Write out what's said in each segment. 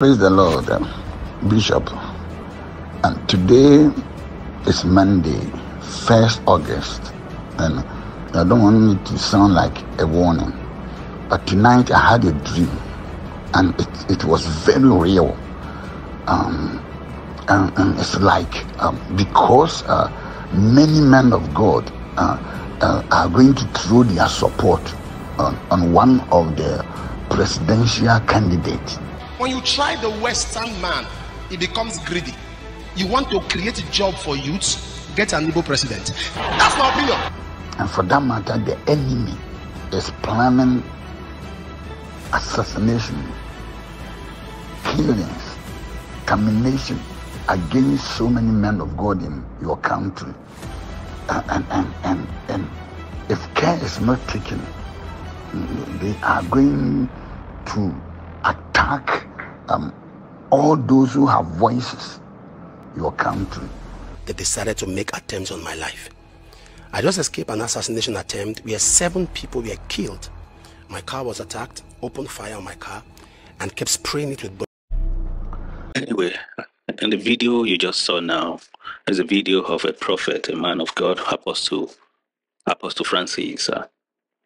Praise the Lord, um, Bishop. And today is Monday, 1st August. And I don't want it to sound like a warning. But tonight I had a dream. And it, it was very real. Um, and, and it's like um, because uh, many men of God uh, uh, are going to throw their support on, on one of the presidential candidates when you try the Western man, he becomes greedy. You want to create a job for youths, get an Igbo president. That's my opinion. And for that matter, the enemy is planning assassination, killings, termination against so many men of God in your country. And, and, and, and, and if care is not taken, they are going to attack um, all those who have voices, your country. They decided to make attempts on my life. I just escaped an assassination attempt where seven people were killed. My car was attacked, opened fire on my car, and kept spraying it with bullets. Anyway, in the video you just saw now is a video of a prophet, a man of God, Apostle, Apostle Francis. Uh,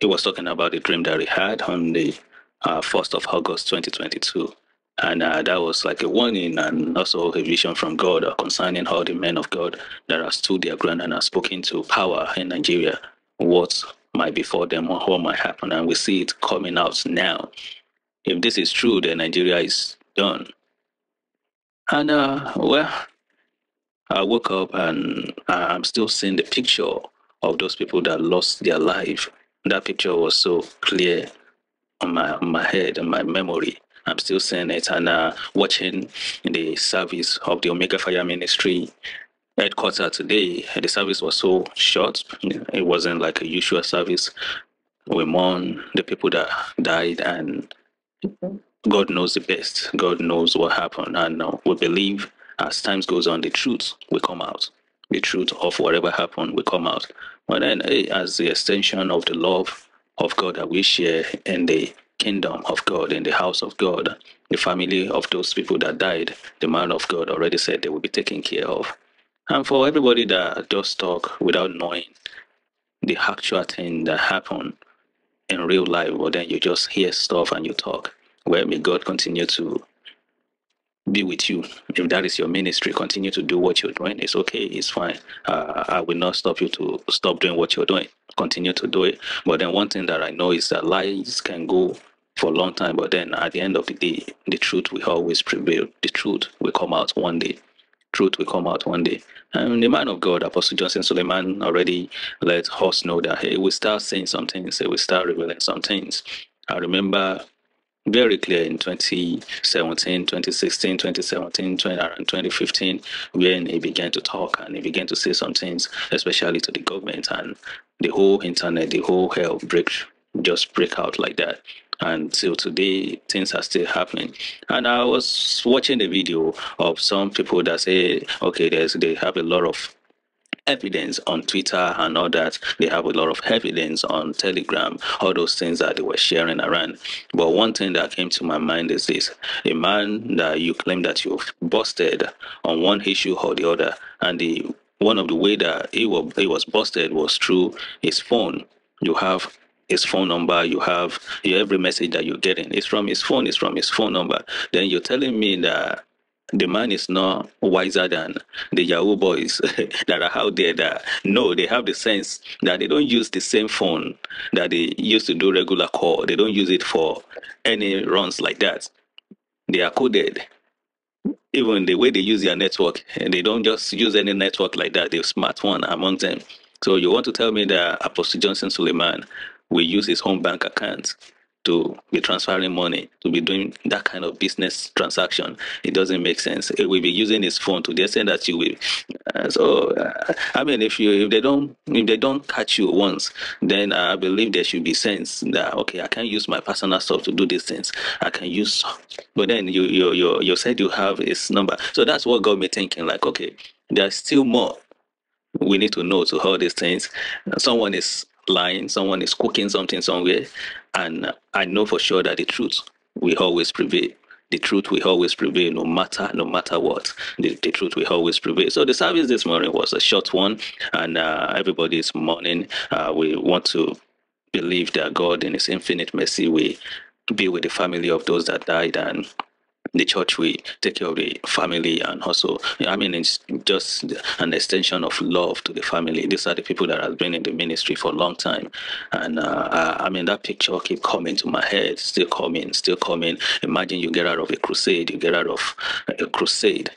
he was talking about the dream that he had on the uh, 1st of August 2022. And uh, that was like a warning and also a vision from God uh, concerning how the men of God that have stood their ground and have spoken to power in Nigeria, what might befall them or what might happen. And we see it coming out now. If this is true, then Nigeria is done. And uh, well, I woke up and uh, I'm still seeing the picture of those people that lost their life. That picture was so clear on my, on my head and my memory. I'm still saying it and uh, watching the service of the Omega Fire Ministry headquarters today. The service was so short; it wasn't like a usual service. We mourn the people that died, and God knows the best. God knows what happened, and uh, we believe as time goes on, the truth will come out. The truth of whatever happened will come out. But then, eh, as the extension of the love of God that we share in the kingdom of God, in the house of God, the family of those people that died, the man of God already said they will be taken care of. And for everybody that does talk without knowing the actual thing that happened in real life, well, then you just hear stuff and you talk. Well, may God continue to be with you. If that is your ministry, continue to do what you're doing. It's okay. It's fine. Uh, I will not stop you to stop doing what you're doing. Continue to do it. But then one thing that I know is that lies can go for a long time, but then at the end of the day, the truth will always prevail. The truth will come out one day. Truth will come out one day. And the man of God, Apostle Johnson Suleiman, already let us know that he will start saying some things, he will start revealing some things. I remember very clear in 2017, 2016, 2017, 20, around 2015, when he began to talk and he began to say some things, especially to the government and the whole internet, the whole hell break, just break out like that until today things are still happening and i was watching the video of some people that say okay there's they have a lot of evidence on Twitter and all that. They have a lot of evidence on Telegram, all those things that they were sharing around. But one thing that came to my mind is this a man that you claim that you've busted on one issue or the other, and the one of the way that he was, he was busted was through his phone. You have his phone number. You have every message that you're getting. It's from his phone. It's from his phone number. Then you're telling me that the man is not wiser than the Yahoo boys that are out there. That no, they have the sense that they don't use the same phone that they used to do regular call. They don't use it for any runs like that. They are coded. Even the way they use their network, they don't just use any network like that. They are smart one among them. So you want to tell me that Apostle Johnson Suleiman will use his own bank account to be transferring money, to be doing that kind of business transaction. It doesn't make sense. It will be using his phone to the extent that you will. Uh, so, uh, I mean, if you if they don't if they don't catch you once, then I believe there should be sense that okay, I can use my personal stuff to do these things. I can use, but then you you you you said you have his number, so that's what got me thinking. Like, okay, there's still more we need to know to all these things. Someone is lying, someone is cooking something somewhere, and I know for sure that the truth will always prevail. The truth will always prevail, no matter no matter what. The, the truth will always prevail. So the service this morning was a short one, and uh, everybody's morning. Uh, we want to believe that God, in His infinite mercy, will be with the family of those that died and the church will take care of the family and also, I mean, it's just an extension of love to the family. These are the people that have been in the ministry for a long time. And uh, I mean, that picture keep coming to my head, still coming, still coming. Imagine you get out of a crusade, you get out of a crusade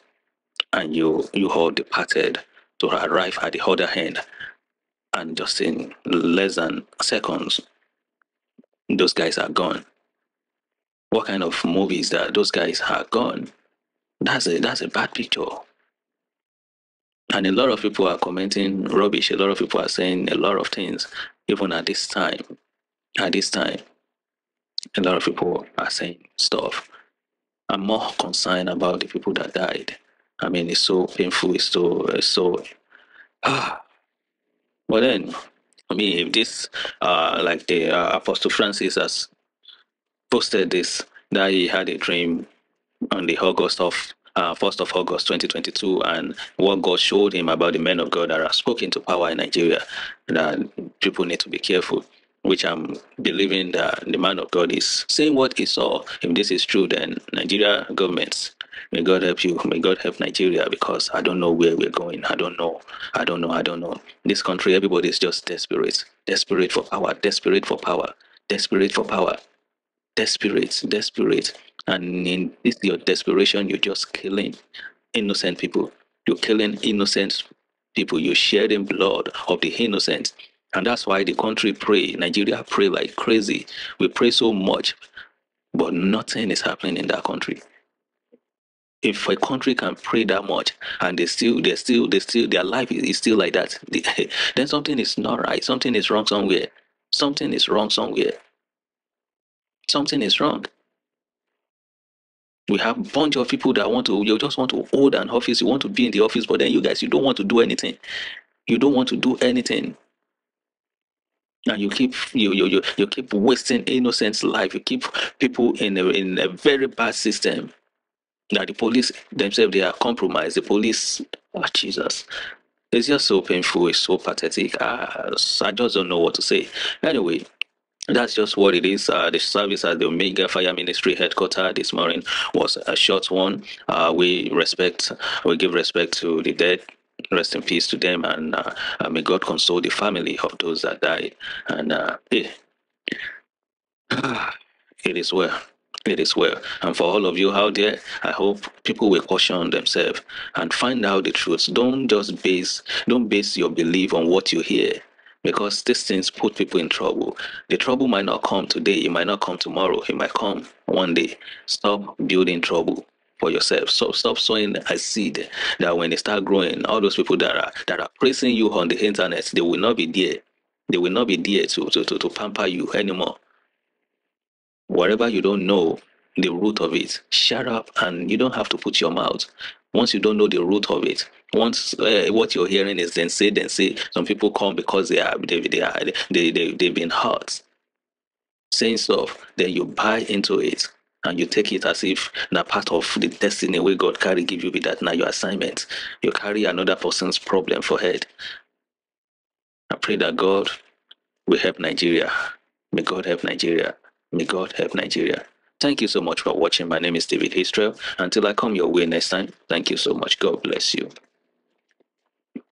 and you, you all departed to arrive at the other end. And just in less than seconds, those guys are gone what kind of movies that those guys have gone. That's a that's a bad picture. And a lot of people are commenting rubbish. A lot of people are saying a lot of things, even at this time. At this time, a lot of people are saying stuff. I'm more concerned about the people that died. I mean, it's so painful. It's so it's so. Ah. But then, I mean, if this, uh, like the uh, Apostle Francis has posted this that he had a dream on the August of uh, first uh, of August 2022, and what God showed him about the men of God that are spoken to power in Nigeria, that people need to be careful. Which I'm believing that the man of God is saying what he saw. If this is true, then Nigeria governments, may God help you. May God help Nigeria because I don't know where we're going. I don't know. I don't know. I don't know. This country, everybody is just desperate, desperate for power, desperate for power, desperate for power desperate, desperate. And in this your desperation, you're just killing innocent people. You're killing innocent people. You're shedding blood of the innocent. And that's why the country pray, Nigeria pray like crazy. We pray so much, but nothing is happening in that country if a country can pray that much and they still they still they still their life is, still like that then something is not right something is wrong somewhere something is wrong somewhere something is wrong. We have a bunch of people that want to, you just want to hold an office, you want to be in the office, but then you guys, you don't want to do anything. You don't want to do anything. And you keep you you you, you keep wasting innocent life. You keep people in a, in a very bad system. Now the police themselves they are compromised. The police, oh Jesus, it's just so painful. It's so pathetic. I, ah, I just don't know what to say. Anyway, that's just what it is. Uh, the service at the Omega Fire Ministry headquarters this morning was a short one. Uh, we respect, we give respect to the dead. Rest in peace to them, and uh, uh may God console the family of those that died. And yeah. Uh, it is well. It is well. And for all of you out there, I hope people will caution themselves and find out the truth. Don't just base, don't base your belief on what you hear because these things put people in trouble. The trouble might not come today, it might not come tomorrow, it might come one day. Stop building trouble for yourself. Stop, stop sowing a seed that when they start growing, all those people that are that are praising you on the internet, they will not be there. They will not be there to, to, to, to pamper you anymore. Whatever you don't know, the root of it, shut up and you don't have to put your mouth. Once you don't know the root of it, once uh, what you're hearing is then say, then say. Some people come because they are they they are they they they've been hurt, saying stuff. Then you buy into it and you take it as if na part of the destiny way God carry give you be that now your assignment. You carry another person's problem for head. I pray that God will help Nigeria. May God help Nigeria. May God help Nigeria. Thank you so much for watching. My name is David Israel. Until I come your way next time, thank you so much. God bless you.